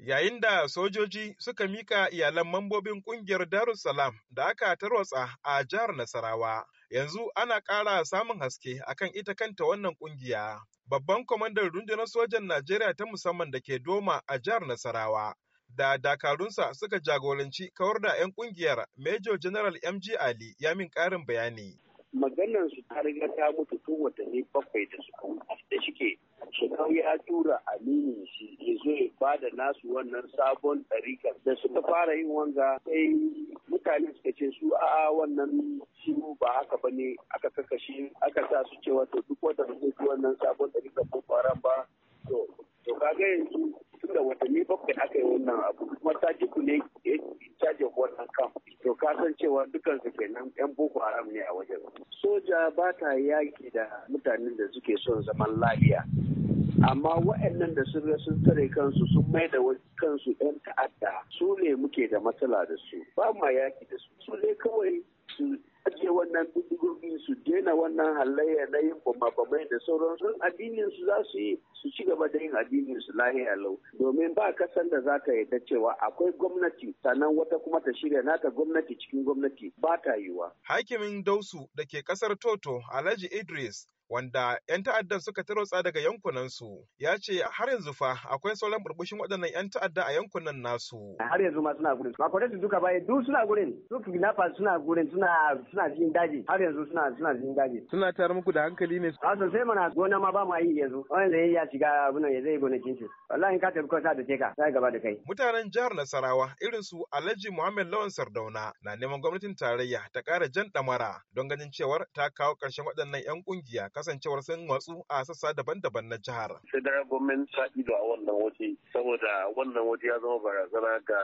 yayin da sojoji suka mika iyalan mambobin kungiyar Darussalam da aka tarwatsa a jihar Nasarawa. Yanzu ana ƙara samun haske akan ita kanta wannan ƙungiya. Babban kwamandan rundunar sojan Najeriya ta musamman da ke Doma a jihar Nasarawa. Da dakarunsa suka jagoranci kawar da 'yan ƙungiyar Major General MG Ali ya min ƙarin bayani. Maganar su ta riga ta mutu tun watanni bakwai da suka wuce da shike shekau ya tura aminin shi ba da nasu wannan sabon ɗarika da suka fara yin wanga sai mutane suka ce su a wannan shiru ba haka ba ne aka kakashe aka sa su cewa wato duk da zai wannan sabon ɗarika ko faran ba to to kaga yanzu tun da watanni bakwai aka yi wannan abu kuma tajiku ne ya caje wannan kam to ka san cewa dukkan su kenan yan boko haram ne a wajen soja ba ta yaki da mutanen da suke son zaman lafiya amma waɗannan da sun sun tare kansu sun mai da kansu 'yan ta'adda su ne muke da matsala da su ba ma yaki da su su ne kawai su ajiye wannan bindigogi su daina wannan halayya na yin bambamai da sauran sun addinin su za su yi su ci gaba da yin addinin su lahiya lau domin ba kasan da za ka yarda cewa akwai gwamnati sannan wata kuma ta shirya nata gwamnati cikin gwamnati ba ta yiwa. Hakimin Dausu da ke kasar Toto Alhaji Idris wanda 'yan ta'addan suka tarotsa daga yankunansu ya ce har yanzu fa akwai sauran burbushin waɗannan 'yan ta'adda a yankunan nasu. Har yanzu ma suna gurin. ba su duka baya eh, duk suna gurin. na kidnappers suna gurin suna suna jin daji. Har yanzu suna suna jin daji. Suna tayar muku da hankali ne. A sosai mana gona ma ba mu yi yanzu. Wanda ya shiga abin ya zai gonakin shi. Wallahi ka tafi kwasa da ce ka sai gaba da kai. Mutanen jihar Nasarawa irin su Alhaji Muhammad Lawan Sardauna na neman gwamnatin tarayya ta ƙara jan ɗamara don ganin cewar ta kawo ƙarshen waɗannan 'yan ƙungiya kasancewar sun watsu a sassa daban-daban na jihar. Federal government ta ido a wannan waje saboda wannan waje ya zama barazana ga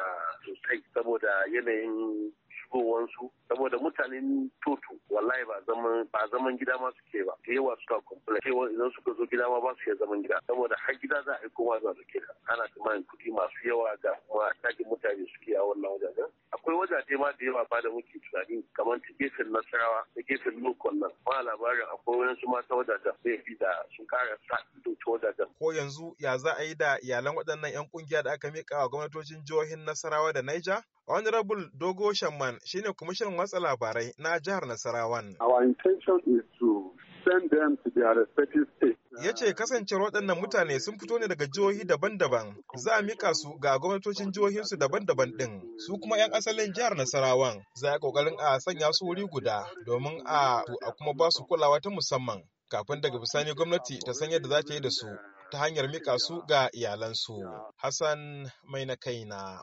sosai saboda yanayin shigowansu saboda mutanen toto wallahi ba zaman ba zaman gida ma suke ba da yawa suka kumfula cewa idan suka zo gida ma ba su iya zaman gida saboda har gida za a yi kowa za su kira ana tsammanin kuɗi masu yawa ga kuma tagin mutane suke a wannan wajajen akwai wajaje ma da yawa ba da muke tunani kamar ta gefen nasarawa ta gefen lokon nan ba labarin akwai wani su mata wajajen zai fi da sun kara sa ido ta wajajen. ko yanzu ya za a yi da iyalan waɗannan 'yan ƙungiya da aka miƙa wa gwamnatocin jihohin nasarawa da Niger? Honorable Dogo Shamman shine kwamishinan watsa labarai na jihar Nasarawan. Ya ce kasancewar waɗannan mutane sun fito ne daga jihohi daban-daban, za a mika su ga gwamnatocin jihohinsu daban-daban ɗin. Su kuma 'yan asalin jihar Nasarawan za a ƙoƙarin a sanya su wuri guda domin a a kuma ba su kulawa ta musamman. Kafin daga bisani gwamnati ta san yadda za ta yi da su ta hanyar mika su ga iyalansu. Hassan mai na kaina